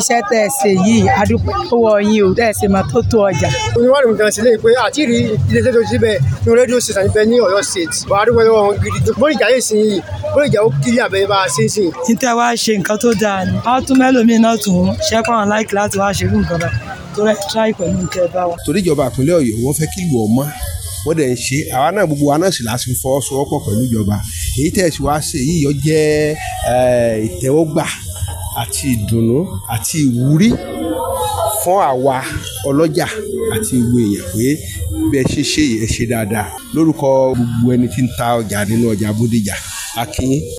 iṣẹ́ tẹ́ ṣe yìí adúpẹ́ lọ́wọ́ yín o tẹ́ ṣe mọ́ tó tó ọjà. oníwàlú nǹkan ṣe lè pé àti rí iléeṣẹ́ tó ṣe bẹ́ẹ̀ ní rédíò ṣèṣàn níbẹ̀ ní ọ̀yọ́ state wà á dúpẹ́ lọ́wọ́ wọn gidi tó. bóyá ìjà yìí sìn yìí bóyá ìjà ó kiri àbẹ̀ bá a ṣe sìn. ní tẹ́ wá ṣe nǹkan tó dáa ni wọ́n tún mẹ́lòmíì náà tún ṣẹ́kọ̀ọ́ láìkí láti wá ṣerú nǹkan wọ́n dẹ̀ ń ṣe àwa náà gbogbo wa náà sì láti fọwọ́sowọ́pọ̀ pẹ̀lú ìjọba èyí tẹ̀ sí wa ṣe yíyọ ìtẹ́wọ́gbà àti ìdùnnú àti ìwúrí fún àwa ọlọ́jà àti gbogbo èèyàn pé bí ẹ ṣe ṣe yìí ẹ ṣe dáadáa lórúkọ gbogbo ẹni tí ń ta ọjà nínú ọjà Bódìjà a